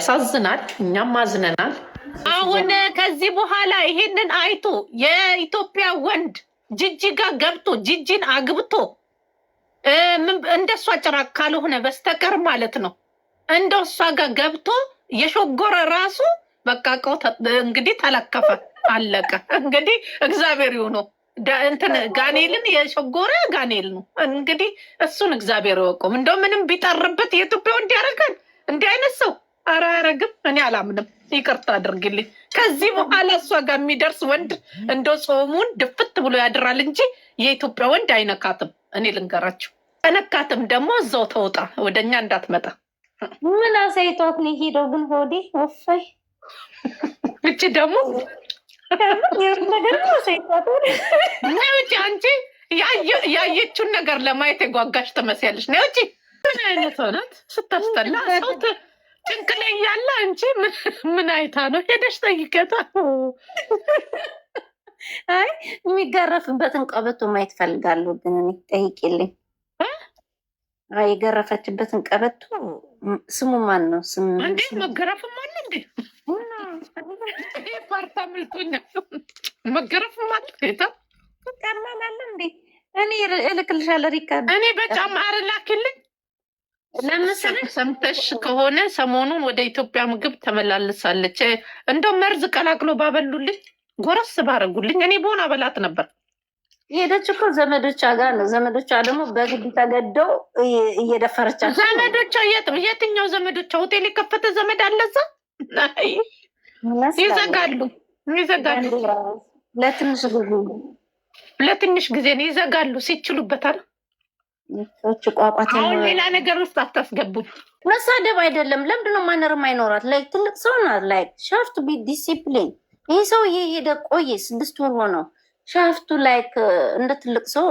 ያሳዝናል። እኛም አዝነናል። አሁን ከዚህ በኋላ ይሄንን አይቶ የኢትዮጵያ ወንድ ጅጂ ጋር ገብቶ ጅጅን አግብቶ እንደሷ ጭራቅ ካልሆነ በስተቀር ማለት ነው እንደ እሷ ጋር ገብቶ የሾጎረ ራሱ በቃ እቃው እንግዲህ ተለከፈ፣ አለቀ። እንግዲህ እግዚአብሔር ነው እንትን ጋኔልን የሾጎረ ጋኔል ነው እንግዲህ እሱን እግዚአብሔር ወቁም። እንደው ምንም ቢጠርበት የኢትዮጵያ እንዲያደርጋል እንዲህ አይነት ሰው ኧረ አያረግም። እኔ አላምንም። ይቅርታ አድርግልኝ። ከዚህ በኋላ እሷ ጋር የሚደርስ ወንድ እንደ ጾሙን ድፍት ብሎ ያድራል እንጂ የኢትዮጵያ ወንድ አይነካትም። እኔ ልንገራችሁ፣ ከነካትም ደግሞ እዛው ተውጣ፣ ወደ ወደኛ እንዳትመጣ። ምን አሳይቷት ነው ሄደው? ግን ሆዴ ወፋይ እች ደግሞ ነገር አሳይቷት አንቺ ያየችውን ነገር ለማየት የጓጋሽ ትመስያለሽ። ነው ውጭ ምን አይነት ሆናት ስታስጠላ ሰውት ጭንቅ ላይ ያለ እንጂ ምን አይታ ነው ሄደሽ ጠይቀታ። አይ የሚገረፍበትን ቀበቶ ማየት ፈልጋለሁ፣ ግን እኔ ጠይቂልኝ። የገረፈችበትን ቀበቶ ስሙ ማን ነው? እንዴ መገረፍም አለ እንዴ? ፓርታ ምልቶኛ መገረፍም አለ ጌታ ቀላል አለ እንዴ? እኔ እልክልሻለሁ ሪካ። እኔ በጫማ አርላክልኝ ለምሳሌ ሰምተሽ ከሆነ ሰሞኑን ወደ ኢትዮጵያ ምግብ ተመላልሳለች። እንደው መርዝ ቀላቅሎ ባበሉልኝ ጎረስ ባረጉልኝ እኔ በሆን አበላት ነበር። የሄደች እኮ ዘመዶቿ ጋር ነው። ዘመዶቿ ደግሞ በግድ ተገደው እየደፈረቻቸው ዘመዶቿ የትኛው ዘመዶቿ? ሆቴል የከፈተ ዘመድ አለዛ ይዘጋሉ፣ ይዘጋሉ። ለትንሽ ጊዜ ለትንሽ ጊዜ ነው ይዘጋሉ። ሲችሉበታል ሰዎች ቋቋት አሁን ሌላ ነገር ውስጥ አታስገቡት። መሳደብ አይደለም። ለምንድነው ማነር አይኖራት? ላይ ትልቅ ሰው ናት። ላይ ሻፍቱ ቢ ዲሲፕሊን። ይህ ሰው የሄደ ቆየ ስድስት ወር ሆነው። ሻፍቱ ላይክ እንደ ትልቅ ሰው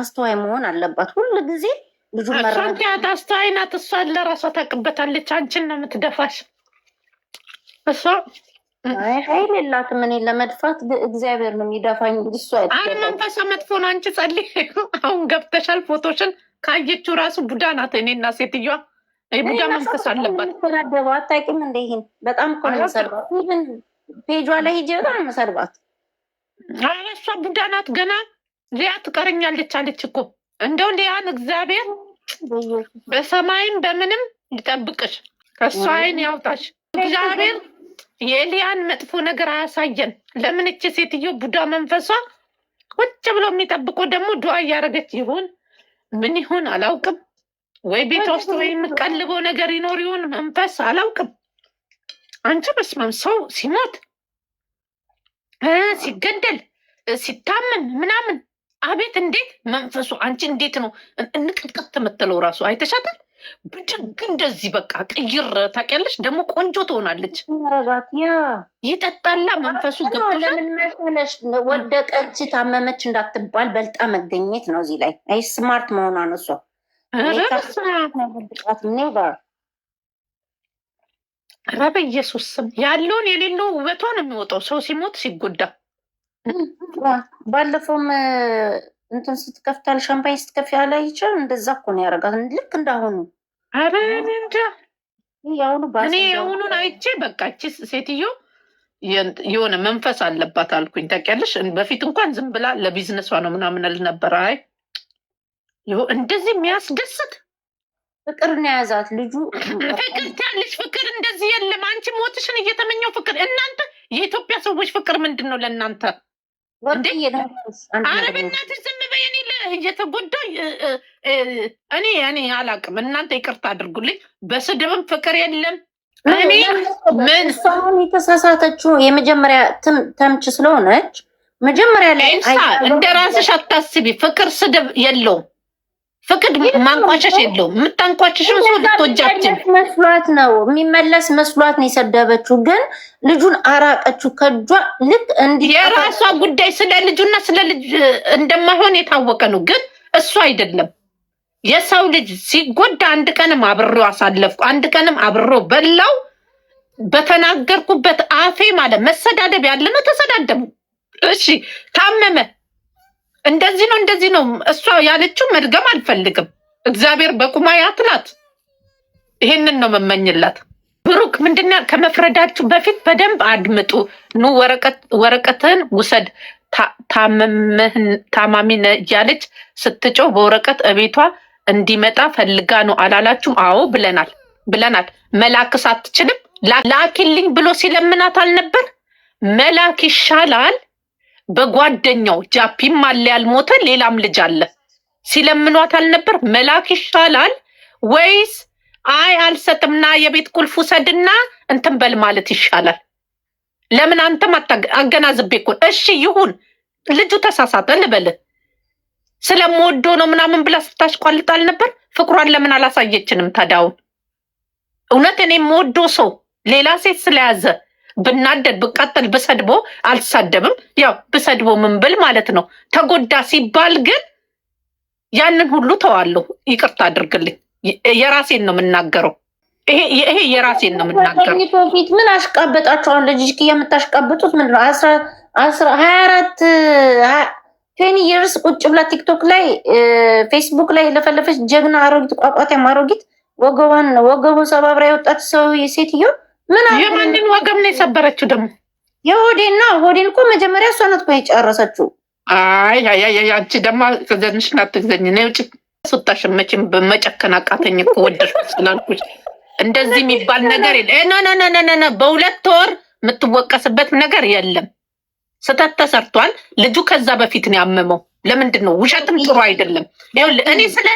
አስተዋይ መሆን አለባት ሁሉ ጊዜ። ብዙ መራት አስተዋይ ናት። እሷን ለራሷ ታውቅበታለች። አንቺን ነው የምትደፋሽ እሷ ኃይል የላት ምን ለመድፋት እግዚአብሔር ነው የሚደፋኝ። እሱ አይ መንፈሷ መጥፎ ነው። አንቺ ጸል አሁን ገብተሻል። ፎቶሽን ካየችው ራሱ ቡዳ ናት። እኔና ሴትዮዋ ቡዳ መንፈስ አለባት። ሰደባ አታውቂም እንደ ይህን በጣም እኮ ነው የምሰድባት። ፔጇ ላይ ሂጅ። በጣም ነው የምሰድባት። እሷ ቡዳ ናት። ገና ሊያ ትቀረኛለች አለች እኮ እንደው ሊያን እግዚአብሔር በሰማይም በምንም ሊጠብቅሽ ከእሷ አይን ያውጣሽ እግዚአብሔር የኤልያን መጥፎ ነገር አያሳየን። ለምን እች ሴትዮ ቡዳ መንፈሷ ቁጭ ብሎ የሚጠብቆ ደግሞ ዱዓ እያደረገች ይሆን ምን ይሆን አላውቅም። ወይ ቤት ውስጥ ወይ የምቀልበው ነገር ይኖር ይሆን መንፈስ አላውቅም። አንቺ በስመም ሰው ሲሞት ሲገደል ሲታመን ምናምን አቤት እንዴት መንፈሱ አንቺ እንዴት ነው እንቅጥቅጥ የምትለው ራሱ አይተሻታል። ብድግ እንደዚህ በቃ ቅይር ታውቂያለሽ። ደግሞ ቆንጆ ትሆናለች። ይጠጣላ መንፈሱ ገብቶ ለምን መሰለሽ ወደቀች፣ ታመመች እንዳትባል በልጣ መገኘት ነው። እዚህ ላይ አይ ስማርት መሆኗ ነው እሷ ኧረ በኢየሱስ ስም ያለውን የሌለው ውበቷን የሚወጣው ሰው ሲሞት ሲጎዳ ባለፈውም እንትን ስትከፍታል ሻምፓኝ ስትከፍ ያለ ይችል እንደዛ እኮ ነው ያደርጋት። ልክ እንዳሁኑ አረ እንጃ ያሁኑ እኔ የአሁኑን አይቼ በቃ ይቺ ሴትዮ የሆነ መንፈስ አለባት አልኩኝ። ታውቂያለሽ በፊት እንኳን ዝም ብላ ለቢዝነሷ ነው ምናምን እል ነበር። አይ እንደዚህ የሚያስደስት ፍቅር ነው የያዛት ልጁ ፍቅር ትያለሽ። ፍቅር እንደዚህ የለም። አንቺ ሞትሽን እየተመኘው ፍቅር። እናንተ የኢትዮጵያ ሰዎች ፍቅር ምንድን ነው ለእናንተ? አረብናት ዝም እኔ እየተጎዳሁ እኔ እኔ አላቅም። እናንተ ይቅርታ አድርጉልኝ። በስድብም ፍቅር የለም። እኔ የተሳሳተችው የመጀመሪያ ተምች ስለሆነች መጀመሪያ ላይ እንደ ራስሽ አታስቢ። ፍቅር ስድብ የለውም። ፍቅድ ማንቋሸሽ የለውም። የምታንቋሸሽው ሰው ልትወጃችን መስሏት ነው የሚመለስ መስሏት ነው የሰደበችው። ግን ልጁን አራቀችው ከእጇ ልክ እንዲ የራሷ ጉዳይ ስለ ልጁና ስለ ልጅ እንደማይሆን የታወቀ ነው። ግን እሱ አይደለም የሰው ልጅ ሲጎዳ አንድ ቀንም አብሮ አሳለፍኩ፣ አንድ ቀንም አብሮ በላው። በተናገርኩበት አፌ ማለት መሰዳደብ ያለ ነው። ተሰዳደቡ። እሺ ታመመ እንደዚህ ነው እንደዚህ ነው እሷ ያለችው መድገም አልፈልግም። እግዚአብሔር በቁማ ያትናት። ይሄንን ነው መመኝላት። ብሩክ ምንድን ከመፍረዳችሁ በፊት በደንብ አድምጡ። ኑ ወረቀትህን ውሰድ ታማሚ እያለች ስትጮህ በወረቀት እቤቷ እንዲመጣ ፈልጋ ነው አላላችሁም? አዎ ብለናል ብለናል። መላክስ አትችልም ላኪልኝ ብሎ ሲለምናት አልነበር? መላክ ይሻላል በጓደኛው ጃፒም አለ ያልሞተ ሌላም ልጅ አለ ሲለምኗት አልነበር? መላክ ይሻላል ወይስ አይ አልሰጥምና የቤት ቁልፍ ውሰድና እንትን በል ማለት ይሻላል? ለምን አንተም አገናዝቤ እኮ እሺ ይሁን ልጁ ተሳሳተ ልበል ስለምወዶ ነው ምናምን ብላ ስታሽቋልጥ አልነበር? ፍቅሯን ለምን አላሳየችንም? ታዲያ እውነት እኔ የምወዶ ሰው ሌላ ሴት ስለያዘ ብናደድ ብቃጠል ብሰድቦ አልሳደብም። ያው ብሰድቦ ምን ብል ማለት ነው። ተጎዳ ሲባል ግን ያንን ሁሉ ተዋለሁ። ይቅርታ አድርግልኝ። የራሴን ነው የምናገረው። ይሄ የራሴን ነው የምናገረው። ፊት ምን አሽቃበጣችሁ? አሁን ልጅ የምታሽቃበጡት ምንድን ነው? ሀያ አራት ቴኒ የርስ ቁጭ ብላ ቲክቶክ ላይ ፌስቡክ ላይ ለፈለፈች ጀግና አሮጊት ቋቋት አሮጊት ወገቧን ወገቡ ሰባብራ የወጣት ሰው ሴትዮ ምን የማንን ወገብ ነው የሰበረችው? ደግሞ የሆዴን ነው። ሆዴን እኮ መጀመሪያ እሷ ናት እኮ የጨረሰችው። አይ አንቺ ደግሞ ከዘንሽ ናት ትግዘኝ ነው ውጭ ስታሽ መቼም በመጨከን አቃተኝ እኮ ስላልኩሽ እንደዚህ የሚባል ነገር የለም። ነነነነነ በሁለት ወር የምትወቀስበት ነገር የለም። ስህተት ተሰርቷል። ልጁ ከዛ በፊት ነው ያመመው። ለምንድን ነው ውሸትም ጥሩ አይደለም። እኔ ስለ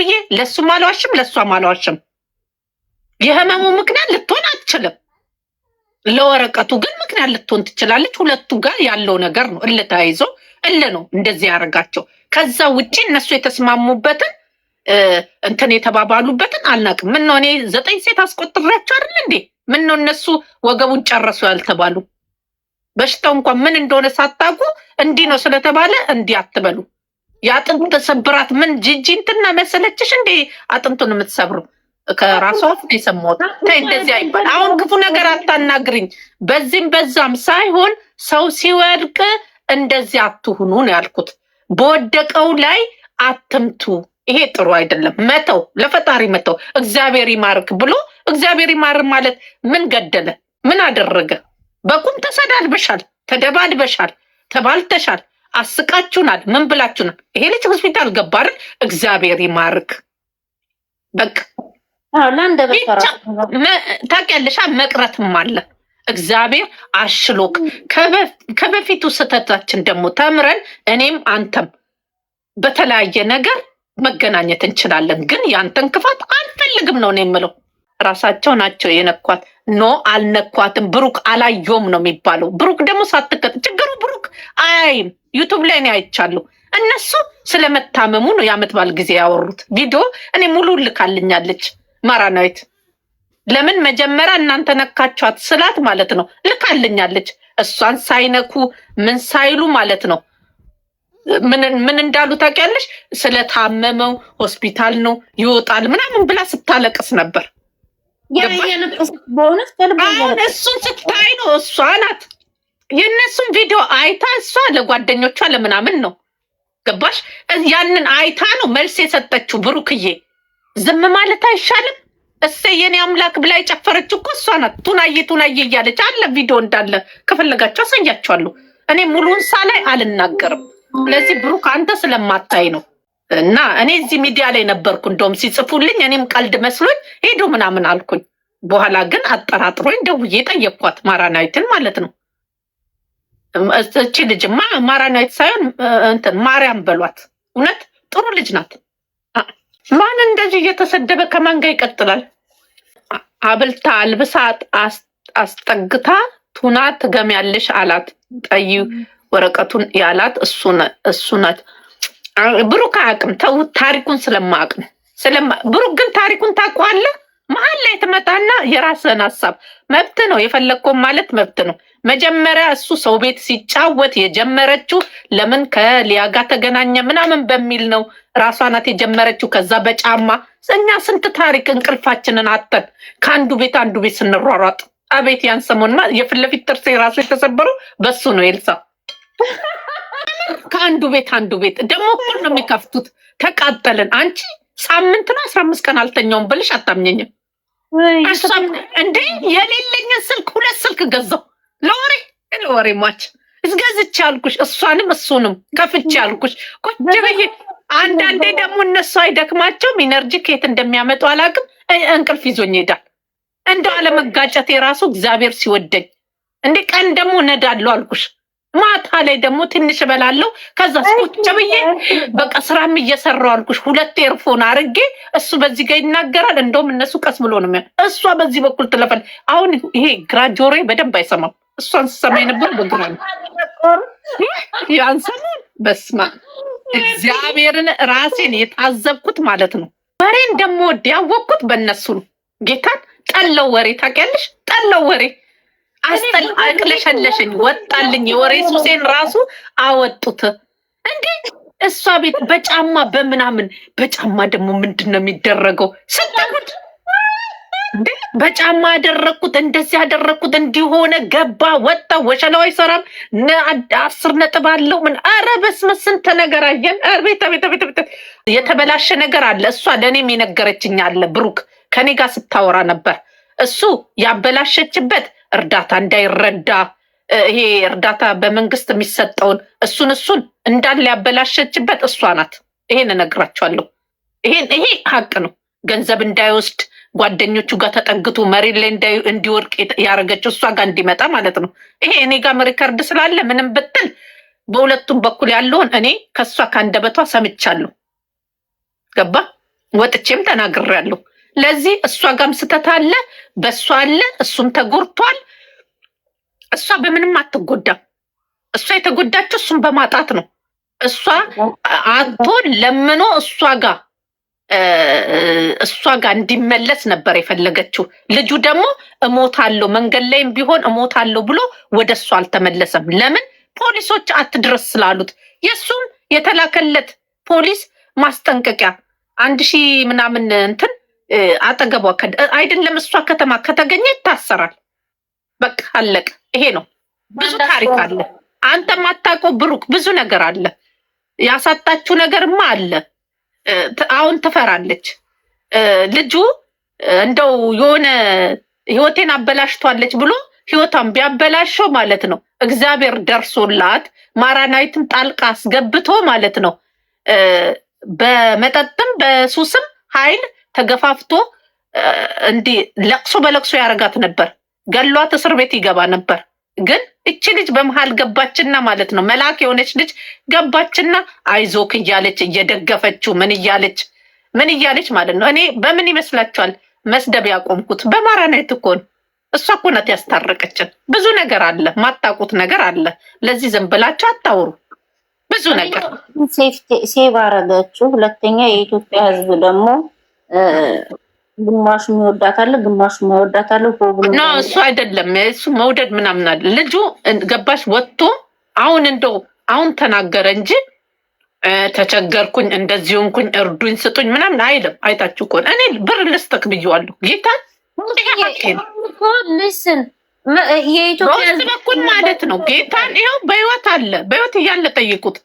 ብዬ ለእሱም አልዋሽም ለእሷም አልዋሽም። የህመሙ ምክንያት ልትሆን አትችልም። ለወረቀቱ ግን ምክንያት ልትሆን ትችላለች። ሁለቱ ጋር ያለው ነገር ነው። እል ተያይዞ እል ነው እንደዚህ ያደርጋቸው። ከዛ ውጭ እነሱ የተስማሙበትን እንትን የተባባሉበትን አልናቅም። ምን ነው እኔ ዘጠኝ ሴት አስቆጥሬያቸው አይደል እንዴ? ምን ነው እነሱ ወገቡን ጨረሱ ያልተባሉ በሽታው እንኳን ምን እንደሆነ ሳታውቁ እንዲህ ነው ስለተባለ እንዲህ አትበሉ። የአጥንት ስብራት ምን ጅጂ እንትና መሰለችሽ እንዴ አጥንቱን የምትሰብሩ ከራሷ አፍ ነው የሰማሁት። እንደዚህ አይባል። አሁን ክፉ ነገር አታናግርኝ። በዚህም በዛም ሳይሆን ሰው ሲወድቅ እንደዚህ አትሁኑ ነው ያልኩት። በወደቀው ላይ አትምቱ። ይሄ ጥሩ አይደለም። መተው ለፈጣሪ መተው። እግዚአብሔር ይማርክ ብሎ እግዚአብሔር ይማር ማለት ምን ገደለ? ምን አደረገ? በቁም ተሰዳድበሻል፣ ተደባድበሻል፣ ተባልተሻል፣ አስቃችሁናል፣ ምን ብላችሁናል። ይሄ ልጅ ሆስፒታል ገባርን። እግዚአብሔር ይማርክ በቃ ታውቂያለሽ፣ መቅረትም አለ እግዚአብሔር አሽሎክ ከበፊቱ ስህተታችን ደግሞ ተምረን እኔም አንተም በተለያየ ነገር መገናኘት እንችላለን። ግን ያንተን ክፋት አንፈልግም ነው እኔ የምለው። ራሳቸው ናቸው የነኳት። ኖ አልነኳትም፣ ብሩክ አላየውም ነው የሚባለው። ብሩክ ደግሞ ችግሩ ብሩክ አያይም። ዩቱብ ላይ እኔ አይቻለሁ። እነሱ ስለመታመሙ ነው የዓመት በዓል ጊዜ ያወሩት ቪዲዮ። እኔ ሙሉ ልካልኛለች። ማራናዊት ለምን መጀመሪያ እናንተ ነካችኋት ስላት ማለት ነው ልካልኛለች። እሷን ሳይነኩ ምን ሳይሉ ማለት ነው ምን እንዳሉ ታውቂያለሽ? ስለታመመው ሆስፒታል ነው ይወጣል ምናምን ብላ ስታለቅስ ነበር። እሱን ስታይ ነው እሷ ናት የእነሱን ቪዲዮ አይታ እሷ ለጓደኞቿ ለምናምን ነው ገባሽ? ያንን አይታ ነው መልስ የሰጠችው ብሩክዬ ዝም ማለት አይሻልም? እሰይ የኔ አምላክ ብላ የጨፈረች እኮ እሷ ናት። ቱናዬ ቱናዬ እያለች አለ ቪዲዮ እንዳለ ከፈለጋቸው አሳያቸዋለሁ። እኔ ሳ ላይ አልናገርም። ስለዚህ ብሩክ አንተ ስለማታይ ነው እና እኔ እዚህ ሚዲያ ላይ ነበርኩ። እንደውም ሲጽፉልኝ እኔም ቀልድ መስሎኝ ሄዶ ምናምን አልኩኝ። በኋላ ግን አጠራጥሮኝ ደውዬ ጠየኳት፣ ማራናዊትን ማለት ነው። እቺ ልጅማ ማራናዊት ሳይሆን እንትን ማርያም በሏት። እውነት ጥሩ ልጅ ናት። ማን እንደዚህ እየተሰደበ ከማን ጋር ይቀጥላል? አብልታ አልብሳት አስጠግታ ቱና ትገሚያለሽ አላት። ጠይ ወረቀቱን ያላት እሱ ናት። ብሩክ አያውቅም፣ ተው ታሪኩን ስለማያውቅ ነው። ብሩክ ግን ታሪኩን ታውቀዋለህ። መሀል ላይ ትመጣና የራስህን ሀሳብ መብት ነው፣ የፈለግከውን ማለት መብት ነው። መጀመሪያ እሱ ሰው ቤት ሲጫወት የጀመረችው ለምን ከሊያ ጋር ተገናኘ ምናምን በሚል ነው። ራሷ ናት የጀመረችው። ከዛ በጫማ እኛ ስንት ታሪክ እንቅልፋችንን አተን ከአንዱ ቤት አንዱ ቤት ስንሯሯጥ አቤት ያን ሰሞንማ የፊት ለፊት ጥርሴ ራሱ የተሰበረው በሱ ነው። ኤልሳ ከአንዱ ቤት አንዱ ቤት ደግሞ ሁሉ ነው የሚከፍቱት። ተቃጠልን። አንቺ ሳምንት ነው አስራ አምስት ቀን አልተኛውም ብልሽ አታምኘኝም። እንዴ የሌለኝን ስልክ ሁለት ስልክ ገዛው ለወሬ ለወሬ ማች እስገዝቼ አልኩሽ፣ እሷንም እሱንም ከፍቼ አልኩሽ። ቁጭ ብዬ አንዳንዴ ደግሞ እነሱ አይደክማቸውም፣ ኢነርጂ ከየት እንደሚያመጡ አላውቅም። እንቅልፍ ይዞኝ ሄዳል። እንደው አለመጋጨት የራሱ እግዚአብሔር ሲወደኝ እንዴ! ቀን ደግሞ ነዳለሁ አልኩሽ፣ ማታ ላይ ደግሞ ትንሽ እበላለሁ። ከዛ ቁጭ ብዬ በቃ ስራም እየሰራሁ አልኩሽ፣ ሁለት ኤርፎን አርጌ እሱ በዚህ ጋር ይናገራል። እንደውም እነሱ ቀስ ብሎ ነው እሷ በዚህ በኩል ትለፈል። አሁን ይሄ ግራ ጆሮዬ በደንብ አይሰማም። እሷን ስሰማ ነበር። በግራ ያን ሰማ። እግዚአብሔርን ራሴን የታዘብኩት ማለት ነው። ወሬ እንደምወድ ያወቅኩት በእነሱ ነው። ጌታን ጠለው ወሬ ታውቂያለሽ? ጠለው ወሬ አስጠል አቅለሸለሸኝ፣ ወጣልኝ። የወሬ ሱሴን ራሱ አወጡት። እንዴ እሷ ቤት በጫማ በምናምን በጫማ ደግሞ ምንድን ነው የሚደረገው ስትጉድ በጫማ ያደረግኩት እንደዚህ ያደረግኩት እንዲሆነ ገባ ወጣ ወሸላው አይሰራም። አስር ነጥብ አለው ምን አረ በስመ ስንት ነገር አየን። የተበላሸ ነገር አለ። እሷ ለእኔም የነገረችኝ አለ። ብሩክ ከኔ ጋር ስታወራ ነበር። እሱ ያበላሸችበት እርዳታ እንዳይረዳ ይሄ እርዳታ በመንግስት የሚሰጠውን እሱን እሱን እንዳለ ያበላሸችበት እሷ ናት። ይሄን እነግራቸዋለሁ። ይሄን ይሄ ሀቅ ነው። ገንዘብ እንዳይወስድ ጓደኞቹ ጋር ተጠግቶ መሬት ላይ እንዲወርቅ ያደረገችው እሷ ጋር እንዲመጣ ማለት ነው። ይሄ እኔ ጋር ሪከርድ ስላለ ምንም ብትል በሁለቱም በኩል ያለውን እኔ ከእሷ ከአንደበቷ ሰምቻለሁ። ገባ ወጥቼም ተናግሬያለሁ። ለዚህ እሷ ጋም ስተት አለ፣ በእሷ አለ፣ እሱም ተጎድቷል። እሷ በምንም አትጎዳም። እሷ የተጎዳችው እሱም በማጣት ነው። እሷ አቶ ለምኖ እሷ ጋር እሷ ጋር እንዲመለስ ነበር የፈለገችው። ልጁ ደግሞ እሞታለሁ መንገድ ላይም ቢሆን እሞታለሁ ብሎ ወደ እሷ አልተመለሰም። ለምን? ፖሊሶች አትድረስ ስላሉት የእሱም የተላከለት ፖሊስ ማስጠንቀቂያ አንድ ሺህ ምናምን እንትን አጠገቧ አይደለም እሷ ከተማ ከተገኘ ይታሰራል። በቃ አለቀ። ይሄ ነው። ብዙ ታሪክ አለ። አንተ ማታውቀው ብሩክ፣ ብዙ ነገር አለ። ያሳጣችው ነገርማ አለ። አሁን ትፈራለች። ልጁ እንደው የሆነ ህይወቴን አበላሽቷለች ብሎ ህይወቷን ቢያበላሸው ማለት ነው እግዚአብሔር ደርሶላት ማራናዊትን ጣልቃ አስገብቶ ማለት ነው በመጠጥም በሱስም ኃይል ተገፋፍቶ እንዲህ ለቅሶ በለቅሶ ያደርጋት ነበር። ገሏት እስር ቤት ይገባ ነበር። ግን እቺ ልጅ በመሀል ገባችና ማለት ነው መልአክ የሆነች ልጅ ገባችና አይዞክ እያለች እየደገፈችው ምን እያለች ምን እያለች ማለት ነው። እኔ በምን ይመስላችኋል መስደብ ያቆምኩት? በማራናይት እኮ ነው። እሷ እኮ ናት ያስታረቀችን። ብዙ ነገር አለ፣ ማታቁት ነገር አለ። ለዚህ ዝም ብላችሁ አታውሩ። ብዙ ነገር ሴቭ አረገችው። ሁለተኛ የኢትዮጵያ ሕዝብ ደግሞ ግማሽ መወዳት አለ፣ ግማሽ መወዳት አለ። ኖ እሱ አይደለም እሱ መውደድ ምናምን አለ። ልጁ ገባሽ ወጥቶ አሁን እንደው አሁን ተናገረ እንጂ ተቸገርኩኝ፣ እንደዚህ ሆንኩኝ፣ እርዱኝ፣ ስጡኝ ምናምን አይልም። አይታችሁ ከሆነ እኔ ብር ልስጥክ ብዬዋለሁ። ጌታ ልስን የኢትዮጵያ በኩል ማለት ነው ጌታን ይኸው በህይወት አለ። በህይወት እያለ ጠይቁት